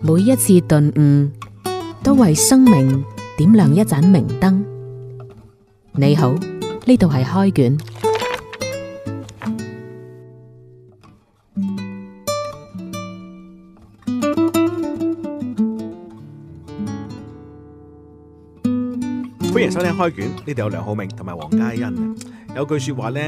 每一次頓悟，都為生命點亮一盞明燈。你好，呢度係開卷，歡迎收聽開卷。呢度有梁浩明同埋黃嘉欣。有句說話呢，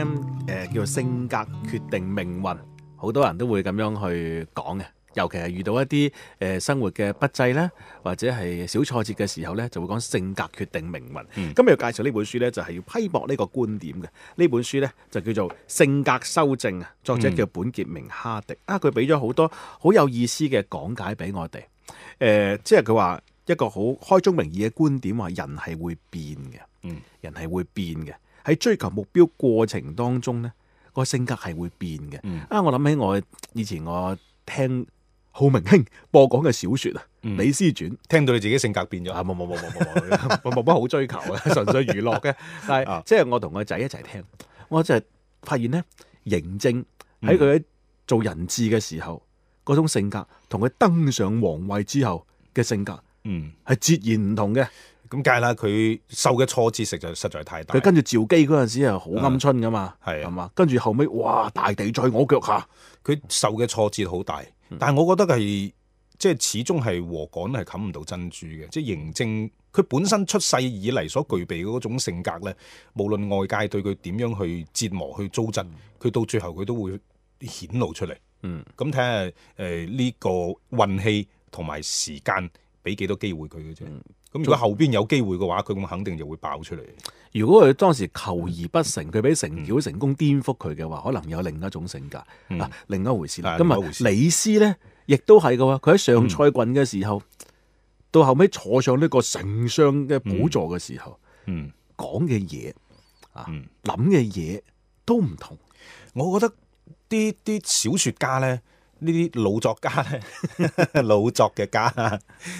誒，叫做性格決定命運，好多人都會咁樣去講嘅。尤其係遇到一啲誒、呃、生活嘅不濟啦，或者係小挫折嘅時候咧，就會講性格決定命運。今日要、嗯、介紹呢本書咧，就係、是、要批駁呢個觀點嘅。呢本書咧就叫做《性格修正》，作者叫本傑明哈迪。嗯、啊，佢俾咗好多好有意思嘅講解俾我哋。誒、呃，即係佢話一個好開宗明義嘅觀點話，人係會變嘅。嗯，人係會變嘅。喺追求目標過程當中咧，個性格係會變嘅。嗯、啊，我諗起我以前我聽。浩明兄播講嘅小說啊，《李斯傳》，聽到你自己性格變咗啊！冇冇冇冇冇冇，冇乜好追求嘅，純粹娛樂嘅。但係即係我同個仔一齊聽，我就發現咧，嬴政喺佢做人質嘅時候，嗰種性格同佢登上皇位之後嘅性格，嗯，係截然唔同嘅。咁梗係啦，佢受嘅挫折實在實在太大。佢跟住趙姬嗰陣時係好鵪鶉噶嘛，係嘛？跟住後尾，哇，大地在我腳下，佢受嘅挫折好大。但係，我覺得係即係始終係禾稈係冚唔到珍珠嘅，即係嬴政佢本身出世以嚟所具備嘅嗰種性格咧，無論外界對佢點樣去折磨、去糟質，佢到最後佢都會顯露出嚟。嗯，咁睇下誒呢個運氣同埋時間俾幾多機會佢嘅啫。嗯咁如果後邊有機會嘅話，佢咁肯定就會爆出嚟。如果佢當時求而不成，佢俾成曉成功顛覆佢嘅話，可能有另一種性格，嗯、啊，另一回事啦。是今日回事。李斯咧，亦都係嘅喎。佢喺上蔡郡嘅時候，嗯、到後尾坐上呢個丞相嘅寶座嘅時候，嗯，講嘅嘢啊，諗嘅嘢都唔同。我覺得啲啲小說家咧。呢啲老作家咧，老作嘅家，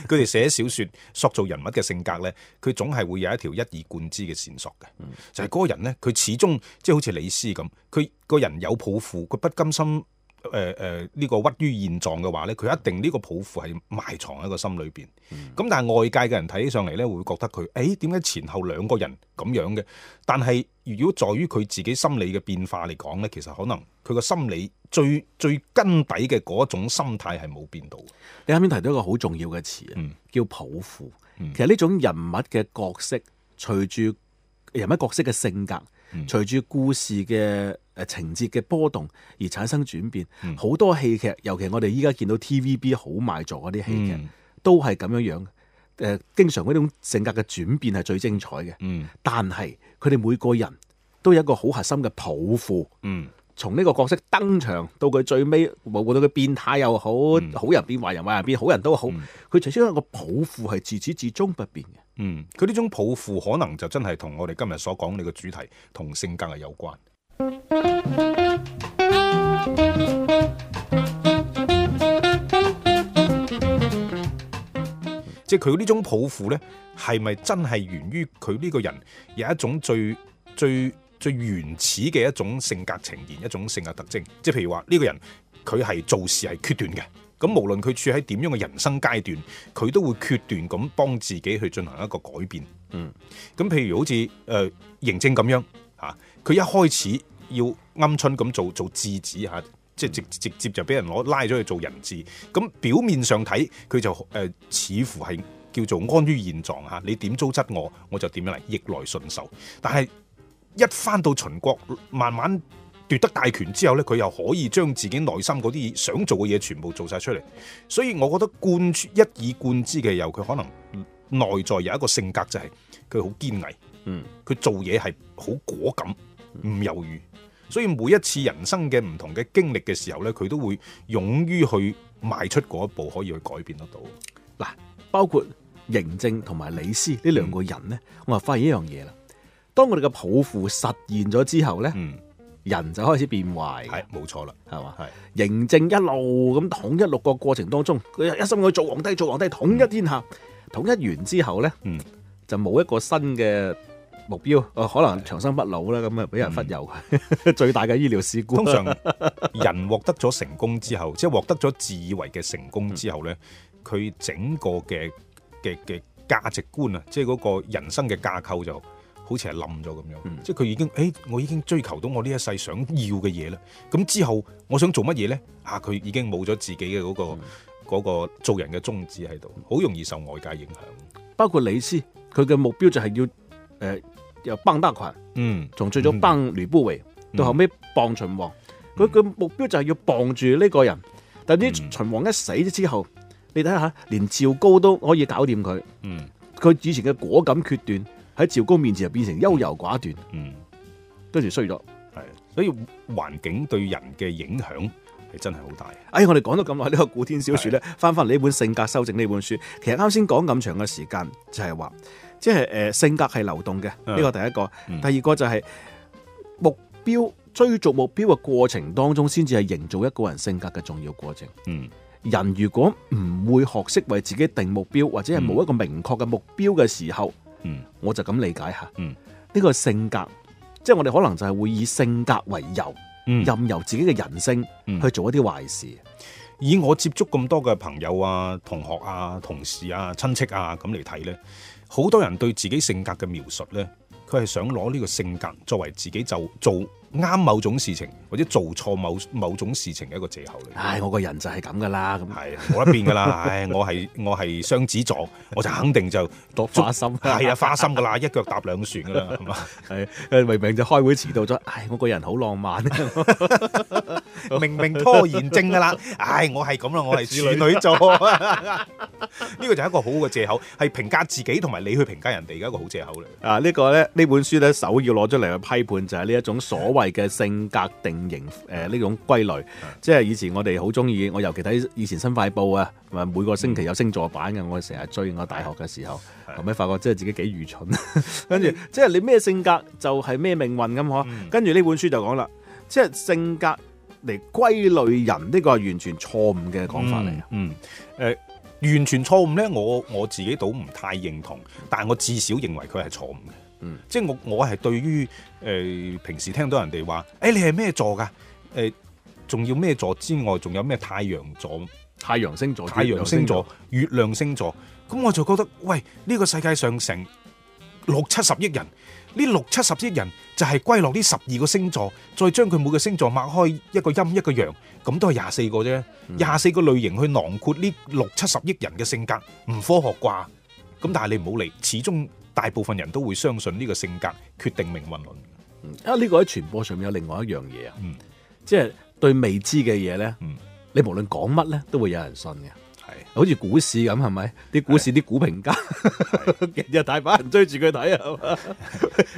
佢哋寫小説塑造人物嘅性格咧，佢總係會有一條一以貫之嘅線索嘅，就係嗰個人咧，佢始終即係好似李斯咁，佢個人有抱負，佢不甘心。誒誒，呢、呃這個屈於現狀嘅話咧，佢一定呢個抱負係埋藏喺個心裏邊。咁、嗯、但係外界嘅人睇起上嚟咧，會覺得佢誒，點解前後兩個人咁樣嘅？但係如果在於佢自己心理嘅變化嚟講咧，其實可能佢個心理最最根底嘅嗰種心態係冇變到。你啱先提到一個好重要嘅詞，叫抱負。嗯嗯、其實呢種人物嘅角色，隨住人物角色嘅性格。隨住、嗯、故事嘅誒、呃、情節嘅波動而產生轉變，好、嗯、多戲劇，尤其我哋依家見到 TVB 好賣座嗰啲戲劇，嗯、都係咁樣樣。誒、呃，經常嗰種性格嘅轉變係最精彩嘅。嗯、但係佢哋每個人都有一個好核心嘅抱負。嗯。從呢個角色登場到佢最尾，無論到佢變態又好，嗯、好人變壞人，壞人變好人都好，佢除咗一個抱負係自始至終不變嘅。嗯，佢呢種抱負可能就真係同我哋今日所講嘅主題同性格係有關。即係佢呢種抱負呢，係咪真係源於佢呢個人有一種最最最原始嘅一種性格呈現，一種性格特徵，即係譬如話呢、這個人佢係做事係決斷嘅，咁無論佢處喺點樣嘅人生階段，佢都會決斷咁幫自己去進行一個改變。嗯，咁譬如好似誒嬴政咁樣嚇，佢、啊、一開始要鵪鶉咁做做質子嚇、啊，即係直直接就俾人攞拉咗去做人質。咁、啊、表面上睇佢就誒、呃、似乎係叫做安於現狀嚇、啊，你點糟質我我就點樣嚟逆來順受，但係，一返到秦國慢慢奪得大權之後呢，佢又可以將自己內心嗰啲想做嘅嘢全部做晒出嚟。所以，我覺得貫穿一以貫之嘅由，佢可能內在有一個性格就係佢好堅毅，嗯，佢做嘢係好果敢，唔猶豫。所以每一次人生嘅唔同嘅經歷嘅時候呢，佢都會勇於去邁出嗰一步，可以去改變得到。嗱，包括嬴政同埋李斯呢兩個人呢，嗯，我話發現一樣嘢啦。當我哋嘅抱負實現咗之後呢，人就開始變壞嘅，冇錯啦，係嘛？係。嬴政一路咁統一六個過程當中，佢一心去做皇帝，做皇帝統一天下，統一完之後呢，就冇一個新嘅目標，可能長生不老啦，咁啊俾人忽悠，最大嘅醫療事故。通常人獲得咗成功之後，即係獲得咗自以為嘅成功之後呢，佢整個嘅嘅嘅價值觀啊，即係嗰個人生嘅架構就，好似係冧咗咁樣，嗯、即係佢已經，誒、欸，我已經追求到我呢一世想要嘅嘢啦。咁之後我想做乜嘢咧？吓、啊，佢已經冇咗自己嘅嗰、那個、嗯、個做人嘅宗旨喺度，好容易受外界影響。包括李斯，佢嘅目標就係要，誒、呃，又幫得群，嗯，從最早幫呂不韋，嗯、到後尾傍秦王，佢嘅、嗯、目標就係要傍住呢個人。但係啲秦王一死之後，嗯、你睇下，連趙高都可以搞掂佢，嗯它，佢以前嘅果敢決斷。喺趙高面前就變成優柔寡斷，嗯，跟住衰咗，係所以環境對人嘅影響係真係好大。哎，我哋講到咁耐呢個《古天小說》咧的，翻翻嚟呢本《性格修正》呢本書，其實啱先講咁長嘅時間，就係話即係誒，性格係流動嘅呢的個第一個，嗯、第二個就係、是、目標追逐目標嘅過程當中，先至係營造一個人性格嘅重要過程。嗯，人如果唔會學識為自己定目標，或者係冇一個明確嘅目標嘅時候。嗯，我就咁理解吓。嗯，呢個性格，即係我哋可能就係會以性格為由，嗯，任由自己嘅人性去做一啲壞事。以我接觸咁多嘅朋友啊、同學啊、同事啊、親戚啊咁嚟睇咧，好多人對自己性格嘅描述咧，佢係想攞呢個性格作為自己就做啱某種事情，或者做錯某某種事情嘅一個藉口嚟。唉，我個人就係咁噶啦，咁，係冇得變噶啦，唉，我係我係雙子座，我就肯定就多花心，係啊，花心噶啦，一腳踏兩船噶啦，係，明明就開會遲到咗，唉，我個人好浪漫，明明拖延症噶啦，唉，我係咁啦，我係處女座，呢個就係一個好嘅藉口，係評價自己同埋你去評價人哋嘅一個好藉口嚟。啊，呢個咧呢本書咧首要攞出嚟去批判就係呢一種所謂所謂嘅性格定型誒呢、呃、種歸類，的即係以前我哋好中意，我尤其睇以前新快報啊，每個星期有星座版嘅，我成日追。我大學嘅時候後尾的發覺，即係自己幾愚蠢， 跟住即係你咩性格就係咩命運咁嗬？嗯、跟住呢本書就講啦，即係性格嚟歸類人呢個係完全錯誤嘅講法嚟啊、嗯！嗯，誒、呃，完全錯誤咧，我我自己倒唔太認同，但係我至少認為佢係錯誤嘅。嗯，即係我我係對於誒、呃、平時聽到人哋話，誒、欸、你係咩座噶？誒仲要咩座之外，仲有咩太陽座、太陽星，星座、太陽星座、月亮星座？咁、嗯、我就覺得，喂呢、這個世界上成六七十億人，呢六七十億人，人就係歸落呢十二個星座，再將佢每個星座擘開一個陰一個陽，咁都係廿四個啫，廿四、嗯、個類型去囊括呢六七十億人嘅性格，唔科學啩？咁但係你唔好理始終。大部分人都會相信呢個性格決定命運論。啊、嗯，呢、呢個喺傳播上面有另外一樣嘢啊，嗯、即係對未知嘅嘢咧，嗯、你無論講乜咧，都會有人信嘅。好似股市咁係咪？啲股市啲股評家日日大把人追住佢睇啊！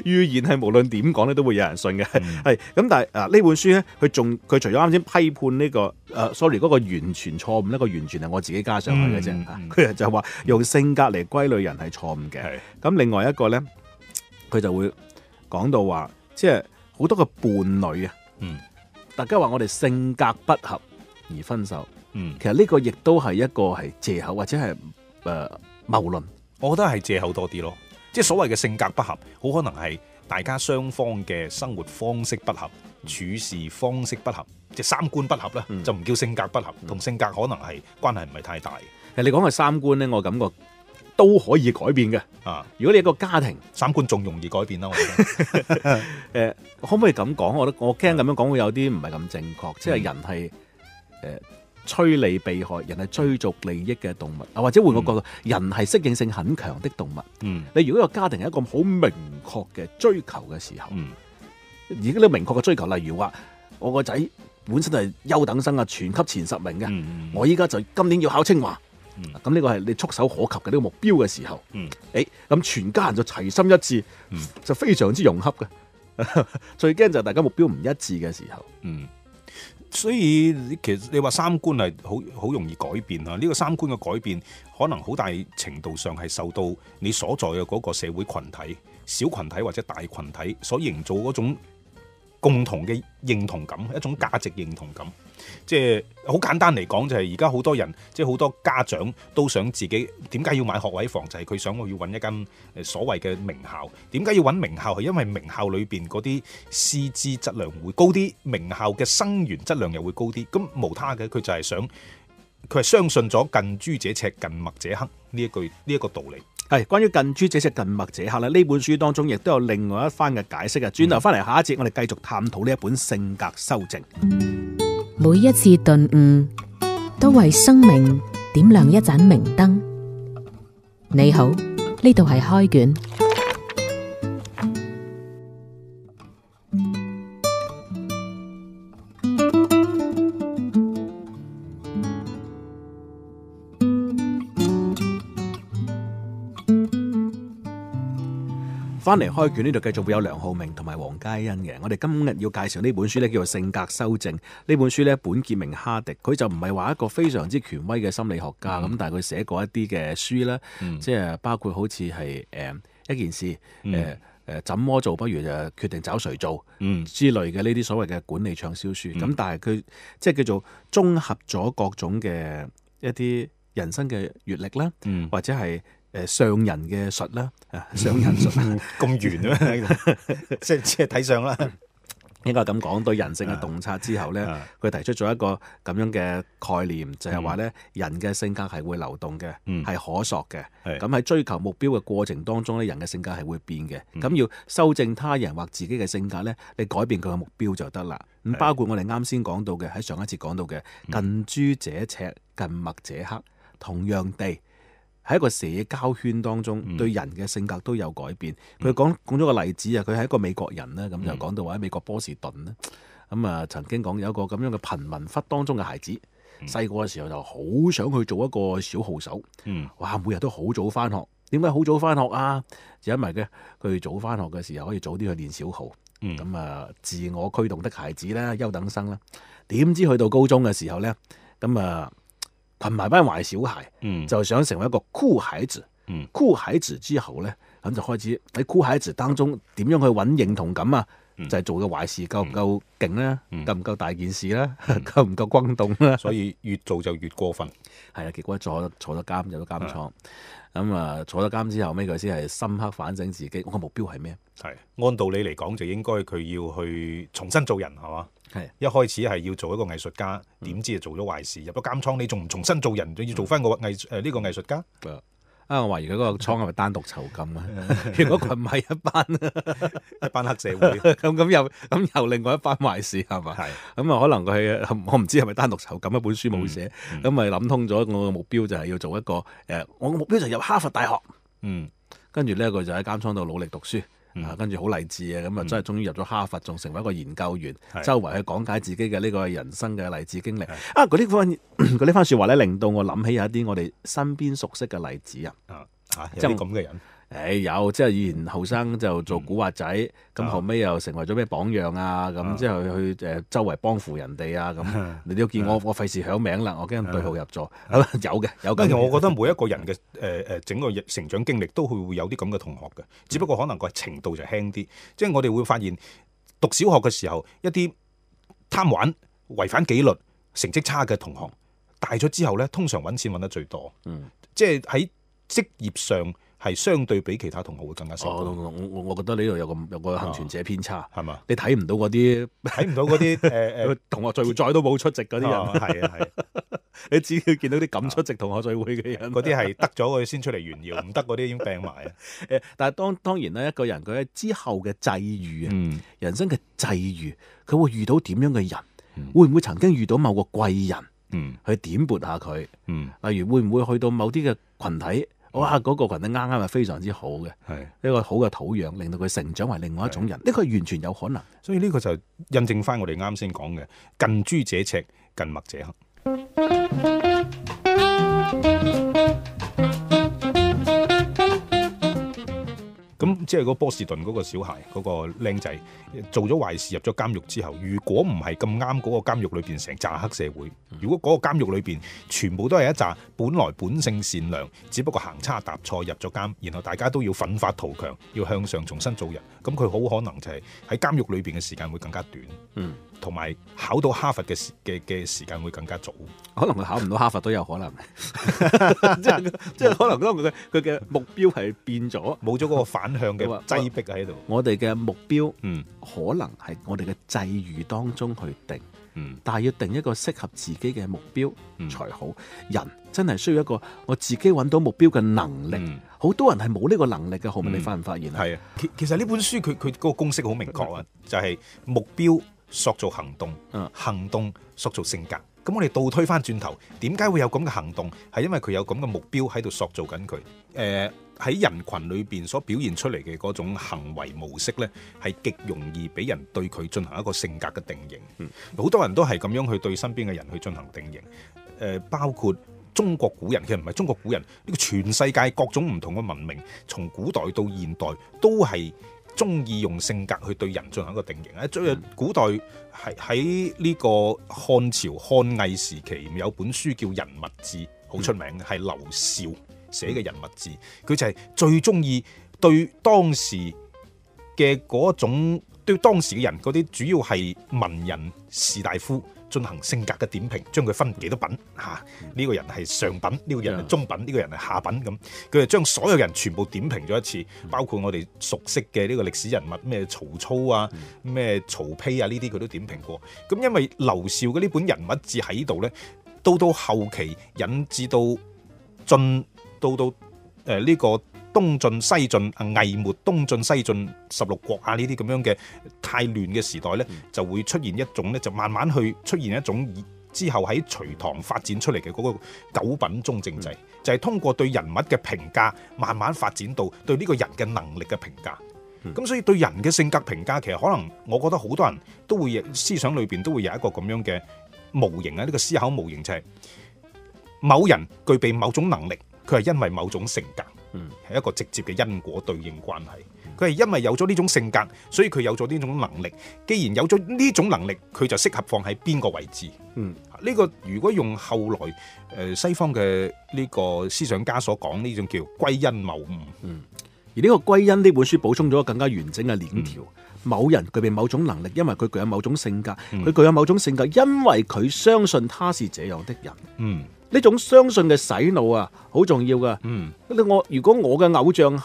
預 言係無論點講咧都會有人信嘅，係咁、嗯。但係啊呢本書咧，佢仲佢除咗啱先批判呢、這個誒、啊、sorry 嗰個完全錯誤，呢、那個完全係我自己加上去嘅啫。佢、嗯、就話用性格嚟歸類人係錯誤嘅。咁的另外一個咧，佢就會講到話，即係好多嘅伴侶啊，嗯、大家話我哋性格不合而分手。嗯，其實呢個亦都係一個係借口或者係誒謬論，我覺得係借口多啲咯。即係所謂嘅性格不合，好可能係大家雙方嘅生活方式不合，處事方式不合，即係三觀不合啦，就唔叫性格不合，同性格可能係關係唔係太大。誒，你講嘅三觀呢，我感覺都可以改變嘅。啊，如果你一個家庭三觀仲容易改變啦。我覺得誒，可唔可以咁講？我覺得我驚咁樣講會有啲唔係咁正確。即係人係誒。趨利避害，人係追逐利益嘅動物，或者換個角度，嗯、人係適應性很強的動物。嗯，你如果個家庭係一個好明確嘅追求嘅時候，嗯，而家啲明確嘅追求，例如話我個仔本身係優等生啊，全級前十名嘅，嗯、我依家就今年要考清華，嗯，咁呢、啊、個係你觸手可及嘅呢、這個目標嘅時候，嗯，誒、嗯，咁、欸、全家人就齊心一致，就非常之融合嘅， 最驚就大家目標唔一致嘅時候，嗯。所以其實你話三觀係好好容易改變啊！呢、這個三觀嘅改變，可能好大程度上係受到你所在嘅嗰個社會群體、小群體或者大群體所營造嗰種，共同嘅認同感，一種價值認同感，即係好簡單嚟講，就係而家好多人，即係好多家長都想自己點解要買學位房，就係佢想我要揾一間誒所謂嘅名校。點解要揾名校？係因為名校裏邊嗰啲師資質量會高啲，名校嘅生源質量又會高啲。咁無他嘅，佢就係想，佢係相信咗近朱者赤，近墨者黑呢一句呢一個道理。係關於近朱者赤，近墨者黑啦。呢本書當中亦都有另外一番嘅解釋啊。轉頭翻嚟，下一節，我哋繼續探討呢一本《性格修正》。每一次頓悟，都為生命點亮一盞明燈。你好，呢度係開卷。翻嚟開卷呢度繼續會有梁浩明同埋黃嘉欣嘅，我哋今日要介紹呢本書咧，叫做《性格修正》。呢本書咧，本傑明哈迪佢就唔係話一個非常之權威嘅心理學家咁，嗯、但係佢寫過一啲嘅書啦，嗯、即係包括好似係誒一件事誒誒、嗯呃、怎麼做不如就決定找誰做、嗯、之類嘅呢啲所謂嘅管理暢銷書，咁、嗯、但係佢即係叫做綜合咗各種嘅一啲人生嘅閲歷啦，或者係。誒相、呃、人嘅術啦，相人術咁 圓啊，即係睇相啦。應該係咁講，對人性嘅洞察之後呢，佢提出咗一個咁樣嘅概念，就係話呢：人嘅性格係會流動嘅，係、mm hmm. 可塑嘅。咁喺追求目標嘅過程當中呢，人嘅性格係會變嘅。咁、mm hmm. 要修正他人或自己嘅性格呢，你改變佢嘅目標就得啦。咁包括我哋啱先講到嘅，喺上一次講到嘅近朱者赤，近墨者黑，同樣地。喺一個社交圈當中，對人嘅性格都有改變。佢講講咗個例子啊，佢係一個美國人咧，咁、嗯、就講到話喺美國波士頓咧，咁、嗯、啊曾經講有一個咁樣嘅貧民窟當中嘅孩子，細個嘅時候就好想去做一個小號手，哇！每日都好早返學，點解好早返學啊？就因為嘅佢早返學嘅時候可以早啲去練小號，咁、嗯、啊、嗯嗯、自我驅動的孩子啦，優等生啦。點知去到高中嘅時候呢？咁、嗯、啊～、呃群埋班壞小孩，嗯、就想成為一個酷孩子。酷孩、嗯、子之後咧，咁就開始喺酷孩子當中點樣去揾認同感啊？嗯、就係做嘅壞事夠唔夠勁咧？夠唔夠大件事咧？夠唔夠轟動咧？所以越做就越過分。係、嗯、啊，結果坐咗坐咗監，入咗監倉。咁啊，坐得監的、嗯、之後，呢佢先係深刻反省自己。我個目標係咩？係按道理嚟講，就應該佢要去重新做人，係嘛？係一開始係要做一個藝術家，點知就做咗壞事入咗監倉，你仲唔重新做人？仲要做翻個藝誒呢個藝術家？啊，我懷疑佢嗰個倉係咪單獨囚禁啊？ 如果佢唔係一班 一班黑社會，咁咁 又咁又另外一班壞事係嘛？係咁啊，可能佢係我唔知係咪單獨囚禁一本書冇寫，咁咪諗通咗我嘅目標就係要做一個誒，我嘅目標就係入哈佛大學。嗯，跟住呢，佢就喺監倉度努力讀書。啊，嗯、跟住好勵志啊，咁啊真係終於入咗哈佛，仲、嗯、成為一個研究員，是周圍去講解自己嘅呢個人生嘅勵志經歷。是啊，嗰啲番嗰番説話咧，令到我諗起有一啲我哋身邊熟悉嘅例子啊，即係咁嘅人。誒、哎，有即係以前後生就做古惑仔，咁、嗯、後尾又成為咗咩榜樣啊？咁之、嗯、後去誒、呃、周圍幫扶人哋啊？咁、嗯嗯、你都見我，我費事響名啦，我驚對號入座。係啦、嗯， 有嘅有。跟住，我覺得每一個人嘅誒誒，整個成長經歷都佢會，會有啲咁嘅同學嘅，只不過可能個程度就輕啲。嗯、即係我哋會發現，讀小學嘅時候一啲貪玩、違反紀律、成績差嘅同學，大咗之後咧，通常揾錢揾得最多，即係喺職業上。係相對比其他同學會更加少、哦。我我我覺得呢度有個有個幸存者偏差，係嘛、啊？你睇唔到嗰啲睇唔到啲誒誒同學聚會再都冇出席嗰啲人，係啊係。哦、啊啊 你只要見到啲咁出席同學聚會嘅人，嗰啲係得咗佢先出嚟炫耀，唔得嗰啲已經病埋。誒， 但係當當然咧，一個人佢喺之後嘅際遇啊，嗯、人生嘅際遇，佢會遇到點樣嘅人？會唔會曾經遇到某個貴人？嗯、去點撥下佢？例如會唔會去到某啲嘅群體？哇！嗰個羣體啱啱係非常之好嘅，係是一個好嘅土壤，令到佢成長為另外一種人。呢個是完全有可能，所以呢個就印證翻我哋啱先講嘅近朱者赤，近墨者黑。嗯。咁即係個波士頓嗰個小孩，嗰個僆仔做咗壞事入咗監獄之後，如果唔係咁啱嗰個監獄裏邊成紮黑社會，如果嗰個監獄裏邊全部都係一紮本來本性善良，只不過行差踏錯入咗監，然後大家都要奮發圖強，要向上重新做人，咁佢好可能就係喺監獄裏邊嘅時間會更加短。嗯。同埋考到哈佛嘅時嘅嘅時間會更加早，可能佢考唔到哈佛都有可能，即係即係可能佢嘅佢嘅目標係變咗，冇咗嗰個反向嘅擠迫喺度。我哋嘅目標，嗯，可能係我哋嘅際遇當中去定，嗯，但係要定一個適合自己嘅目標，嗯、才好。人真係需要一個我自己揾到目標嘅能力，好、嗯、多人係冇呢個能力嘅，好唔你發唔發現啊、嗯？其其實呢本書佢佢個公式好明確啊，就係、是、目標。塑造行動，行動塑造性格。咁我哋倒推返轉頭，點解會有咁嘅行動？係因為佢有咁嘅目標喺度塑造緊佢。誒、呃、喺人群裏邊所表現出嚟嘅嗰種行為模式呢，係極容易俾人對佢進行一個性格嘅定型。嗯，好多人都係咁樣去對身邊嘅人去進行定型。誒、呃，包括中國古人，其實唔係中國古人，呢個全世界各種唔同嘅文明，從古代到現代都係。中意用性格去對人進行一個定型咧，最古代係喺呢個漢朝漢魏時期有本書叫《人物志》，好出名嘅係、嗯、劉劭寫嘅《人物志》，佢就係最中意對當時嘅嗰種對當時嘅人嗰啲，主要係文人士大夫。進行性格嘅點評，將佢分幾多品嚇？呢、啊呢個人係上品，呢、呢個人係中品，呢、呢個人係下品咁。佢就將所有人全部點評咗一次，包括我哋熟悉嘅呢個歷史人物咩曹操啊、咩曹丕啊呢啲，佢都點評過。咁因為劉劭嘅呢本人物志喺度呢，到到後期引至到晉，到到誒呢、呃呢個。東晉西晉啊，魏末東晉西晉十六國啊，呢啲咁樣嘅太亂嘅時代呢，嗯、就會出現一種呢，就慢慢去出現一種以之後喺隋唐發展出嚟嘅嗰個九品中正制，嗯、就係通過對人物嘅評價，慢慢發展到對呢個人嘅能力嘅評價。咁、嗯、所以對人嘅性格評價，其實可能我覺得好多人都會，思想裏邊都會有一個咁樣嘅模型啊，呢、呢個思考模型就係、是、某人具備某種能力，佢係因為某種性格。嗯，係一個直接嘅因果對應關係。佢係因為有咗呢種性格，所以佢有咗呢種能力。既然有咗呢種能力，佢就適合放喺邊個位置。嗯、這個，呢個如果用後來誒、呃、西方嘅呢個思想家所講呢種叫歸因謬誤。嗯，而呢個歸因呢本書補充咗更加完整嘅鏈條。嗯、某人具備某種能力，因為佢具有某種性格。佢、嗯、具有某種性格，因為佢相信他是這樣的人。嗯。呢種相信嘅洗腦啊，好重要噶。我、嗯、如果我嘅偶像，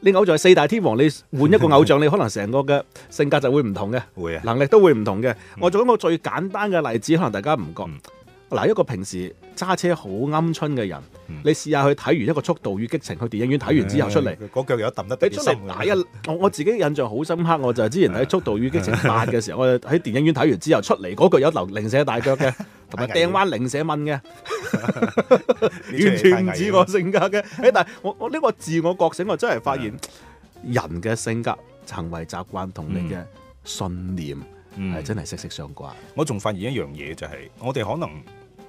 你偶像係四大天王，你換一個偶像， 你可能成個嘅性格就會唔同嘅， 能力都會唔同嘅。嗯、我做一個最簡單嘅例子，可能大家唔覺。嗱，嗯、一個平時揸車好鵪鶉嘅人。你試下去睇完一個《速度與激情》，去電影院睇完之後出嚟，嗰、嗯那個、腳有揼得。出嚟唔一？ 我自己印象好深刻，我就係之前喺《速度與激情八》嘅時候，我就喺電影院睇完之後出嚟，嗰、那、腳、個、有流零舍大腳嘅，同埋掟彎零舍問嘅， 完全唔知我性格嘅。但係我我呢個自我覺醒，我真係發現人嘅性格、行為習慣同你嘅信念係、嗯、真係息息相關。我仲發現一樣嘢就係、是，我哋可能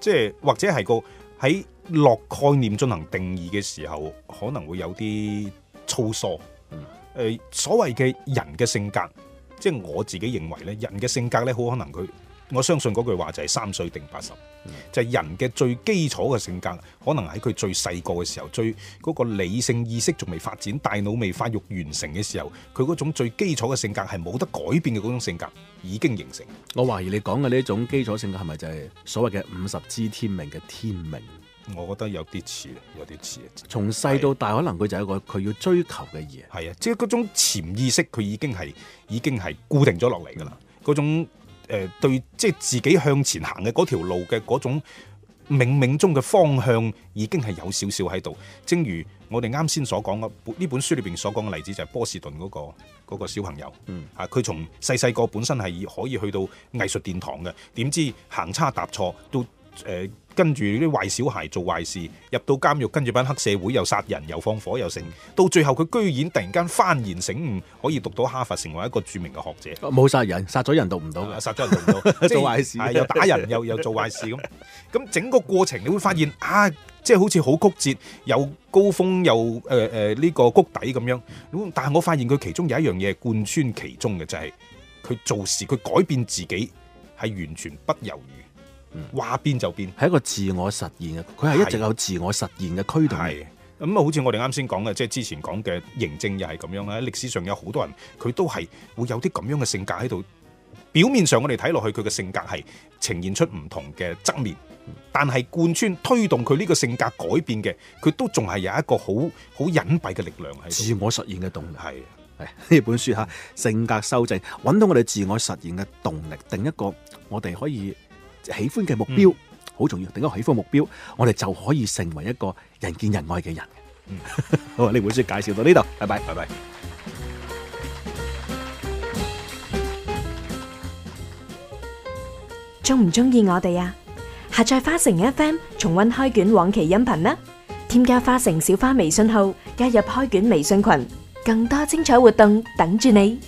即係或者係個。喺落概念進行定義嘅時候，可能會有啲粗疏。誒、呃，所謂嘅人嘅性格，即係我自己認為咧，人嘅性格咧，好可能佢。我相信嗰句話就係三歲定八十，就係人嘅最基礎嘅性格，可能喺佢最細個嘅時候，最嗰個理性意識仲未發展，大腦未發育完成嘅時候，佢嗰種最基礎嘅性格係冇得改變嘅嗰種性格已經形成。我懷疑你講嘅呢一種基礎性格係咪就係所謂嘅五十知天命嘅天命？我覺得有啲似，有啲似。從細到大，可能佢就係一個佢要追求嘅嘢。係啊，即係嗰種潛意識，佢已經係已經係固定咗落嚟㗎啦，嗰種誒、呃、對，即係自己向前行嘅嗰條路嘅嗰種冥冥中嘅方向，已經係有少少喺度。正如我哋啱先所講嘅，呢本書裏邊所講嘅例子就係波士頓嗰個、嗰個小朋友，嗯，啊，佢從細細個本身係可以去到藝術殿堂嘅，點知行差踏錯都。誒、呃，跟住啲壞小孩做壞事，入到監獄，跟住班黑社會又殺人又放火又成，到最後佢居然突然間幡然醒悟，可以讀到哈佛成為一個著名嘅學者。冇殺人，殺咗人讀唔到、啊、到，殺咗人讀唔到，做壞事、啊，又打人又又做壞事咁，咁 整個過程你會發現啊，即係好似好曲折，又高峰又誒誒呢個谷底咁樣。咁但係我發現佢其中有一樣嘢貫穿其中嘅就係、是、佢做事佢改變自己係完全不猶豫。話變就變，係一個自我實現嘅，佢係一直有自我實現嘅驅動。係咁啊，好似我哋啱先講嘅，即係之前講嘅嬴政又係咁樣啊。歷史上有好多人，佢都係會有啲咁樣嘅性格喺度。表面上我哋睇落去，佢嘅性格係呈現出唔同嘅側面，嗯、但係貫穿推動佢呢個性格改變嘅，佢都仲係有一個好好隱蔽嘅力量喺。自我實現嘅動力係。係呢的 本書吓性格修正，揾到我哋自我實現嘅動力，定一個我哋可以。喜歡嘅目標好重要，定個喜歡目標，我哋就可以成為一個人見人愛嘅人。好，呢本書介紹到呢度，拜拜，拜拜。中唔中意我哋啊？下載花城 FM 重溫開卷往期音頻啦！添加花城小花微信號加入開卷微信群，更多精彩活動等住你。